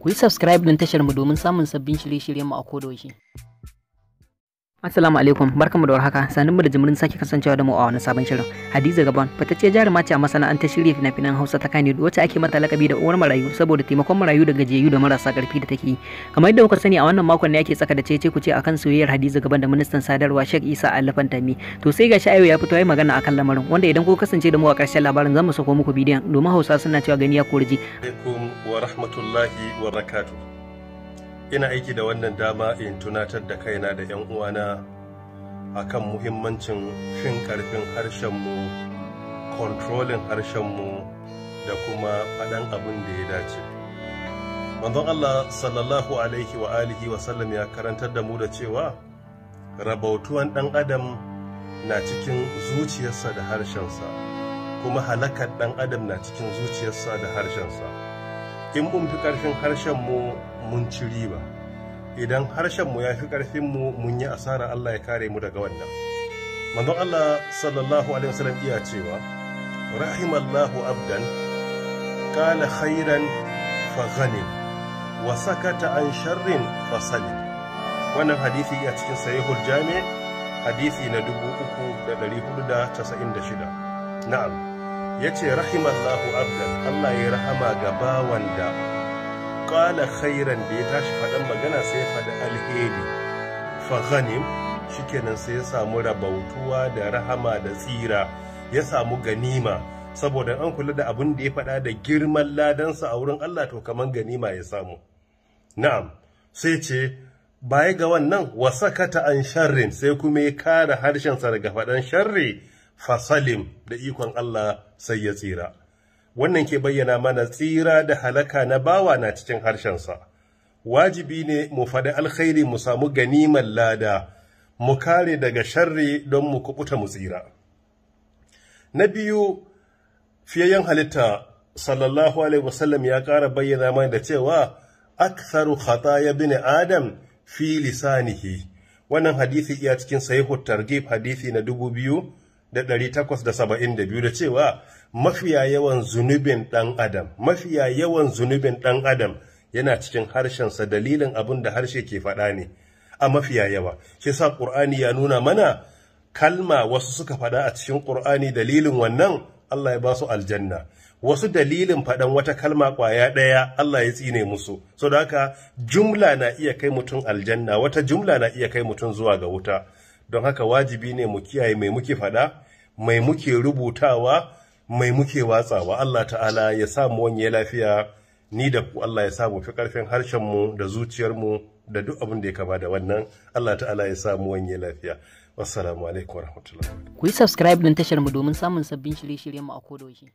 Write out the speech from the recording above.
ku yi subscribe don tashar mu domin samun sabbin shirye-shiryen mu a kodoshi. Assalamu alaikum barkamu da warhaka sanin mu da jimrin sake kasancewa da mu a wani sabon shirin Hadiza Gabon fitacce jaruma ce a masana'antar shirya fina-finan Hausa ta Kano wacce ake mata lakabi da uwar marayu saboda taimakon marayu da gajiyayyu da marasa karfi da take yi kamar yadda kuka sani a wannan makon ne ake tsaka da cece kuce akan soyayyar Hadiza Gabon da ministan sadarwa Sheikh Isa Alfan Tami to sai gashi ayo ya fito yi magana akan lamarin wanda idan kuka kasance da mu a ƙarshen labarin zan mu sako muku bidiyon domin Hausa suna cewa gani ya korji alaikum wa rahmatullahi wa barakatuh ina aiki da wannan dama in tunatar da kaina da 'yan uwana a kan muhimmancin fin karfin harshenmu kontrolin harshenmu da kuma faɗan abin da ya dace manzon Allah sallallahu alaihi wa alihi wa sallam ya karantar da mu da cewa rabautuwan ɗan adam na cikin zuciyarsa da harshensa kuma halakar ɗan adam na cikin zuciyarsa da harshensa in mun fi ƙarfin mu mun ci riba idan harshenmu ya fi ƙarfinmu mun yi asara Allah ya kare mu daga wannan manzon Allah sallallahu alaihi wasallam iya cewa rahimallahu abdan kana khairan fa ghanim wa sakata an sharrin fa salim wannan hadisi a cikin sahihul jami hadisi na 3496 na'am ya ce rahimallahu abdan Allah ya rahama ga bawan da kala khairan da ya tashi faɗan magana sai ya faɗi alheri shi shikenan sai ya samu rabautuwa da rahama da tsira ya samu ganima saboda an kula da abin da ya faɗa da girman ladansa a wurin Allah to kamar ganima ya samu na'am sai ce baya ga wannan wasakata an sharrin sai kuma ya kare harshensa daga faɗan sharri fasalim da ikon Allah sai ya tsira wannan ke bayyana mana tsira da halaka na bawa na cikin harshensa wajibi ne mu faɗi alkhairi mu samu ganimar lada mu kare daga sharri don mu kubuta mu tsira na biyu fiyayyen halitta sallallahu alaihi wasallam ya ƙara bayyana mana da cewa aktharu ya bin adam fi lisanihi wannan hadisi iya cikin sahihu targhib hadisi na dubu biyu da ɗari takwas da saba'in da biyu da cewa mafiya yawan zunubin ɗan adam mafiya yawan zunubin ɗan adam yana cikin harshensa dalilin abin da harshe ke faɗa ne a mafiya yawa shi sa ƙur'ani ya nuna mana kalma wasu suka faɗa a cikin ƙur'ani dalilin wannan Allah ya ba su aljanna wasu dalilin faɗan wata kalma ƙwaya ɗaya Allah ya tsine musu saboda haka jumla na iya kai mutum aljanna wata jumla na iya kai mutum zuwa ga wuta don haka wajibi ne mu kiyaye mai muke fada mai muke rubutawa mai muke watsawa Allah ta'ala ya samu wani lafiya ni da ku Allah ya samu fi karfin harshen mu da zuciyarmu mu da duk abin da ya kama da wannan Allah ta'ala ya samu wani lafiya wassalamu alaikum warahmatullahi ku yi subscribe din tashar mu domin samun sabbin shirye-shiryen mu a kodoshi